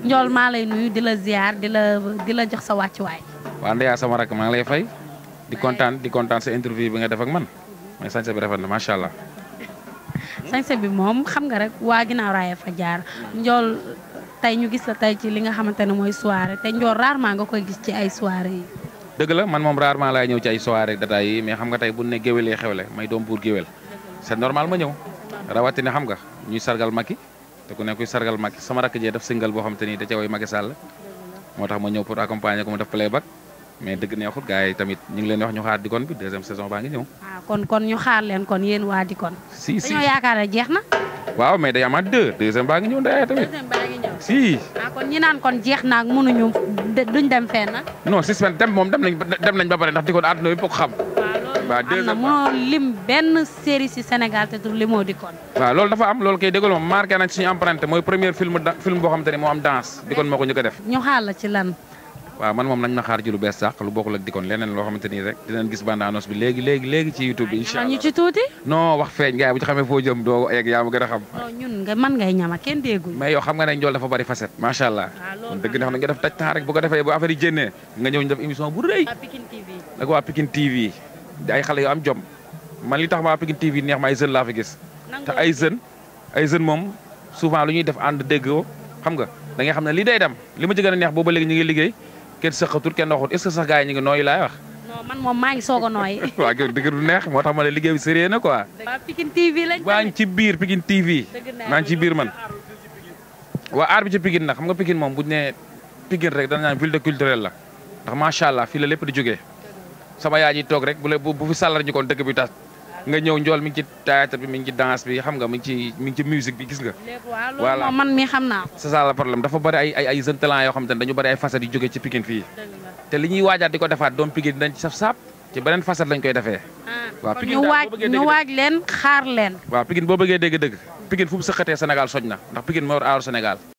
ñol ma lay nuyu di ziar di la di jox sa way wa Ndeya sama rakk ma ngi lay fay di contane di contane sa interview bi nga def ak man may sañse bi rafet na machallah allah. bi mom xam nga rek wa ginaaw raaya fa jaar ñol tay ñu gis la tay ci li nga xamantene moy soirée te Ndiol rarement nga koy gis ci ay soirée yi. la man mom rarement lay ñew ci ay soirée data yi mais xam nga tay bu ne géwélee xewle may dom pour gewel c'est normal ma rawati rawatina xam nga ñuy sargal makki te ku ne kuy sargal Macky sama rakk jee def single boo xam te ni da ca way Macky Sall moo tax ma ñëw pour accompagner ko def playback mais dëgg neexut gars yi tamit ñu ngi leen wax ñu xaar Dikoon bi deuxième saison baa ngi ñëw. Ah, kon kon ñu xaar leen kon yéen waa Dikoon. si si dañoo yaakaar ne na. waaw mais day amaat deux deuxième baa baa ngi ñëw si. ah kon ñi naan kon jeex na ak mënuñu duñ dem fenn. non suspense dem moom dem nañ ba dem nañ ba pare ndax Dikoon àdduna bi ko xam waaw deux na mënoo lim benn série si Sénégal te du limoo di kon waaw loolu dafa am loolu koy déggoo moom marqué mooy premier film film boo xamante ne moo am danse di kon moo ko ñu ko def xaar la ci lan waaw man moom lu bees sax lu bokkul ak di kon loo xamante nii rek dinañ gis bande annonce bi léegi léegi léegi ci YouTube bi incha allah ñu ci tuuti non wax feeñ gars a bu ci xamee foo jëm doo egg yaa ma gën a xam ñun nga man ngay ñama kenn déggul mais yow xam nga ne njool dafa bari facette macha allah ah, na xam nga def taj taa rek bu defee bu affaire yi nga ñëw ñu def émission bu rëy ak waa Pikine TV ay xale yu am jom man li tax maa Pikine TV neex ma ay jeunes laa fi gis. te ay jeunes ay jeunes moom souvent lu ñuy def ànd déggoo xam nga da nga xam ne lii day dem li ma ci gën a neex booba léegi ñu ngi liggéey kenn sëqatul kenn waxut est-ce que yi ñu ngi nooyi laay wax. moom maa ngi soog a nooyi. waa dëgg du neex moo tax ma ne liggéey bi sérieux na quoi. waa Pikine TV lañ maa ngi ci biir Pikine maa ngi ci biir man. waa aar bi ci Pikine na xam nga Pikine moom bu ñu nee Pikine rek dana naan ville culturelle la ndax macha allah fii la lépp di jógee sama yaay ji toog rek bu la bu fi sàllar ñu koon dëkk bi tas nga ñëw njool mi ci théâtre bi mi ci danse bi xam nga mi ngi ci mi ngi ci musique bi gis nga. voilà man mi xam naa ko. c'est problème dafa bëri ay ay ay jeunes talents yoo xam te ne dañu bëri ay facettes yu jógee ci Pikine fii. te li ñuy waajaat di ko defaat doom Pikine dañ ci saf saap ci beneen facette lañ koy defee. Ah, waaw waaj leen xaar leen. waaw Pikine boo bëggee dégg-dëgg. Pikine fu mu sëqatee Sénégal soj na ndax Pikine moo war aaru Sénégal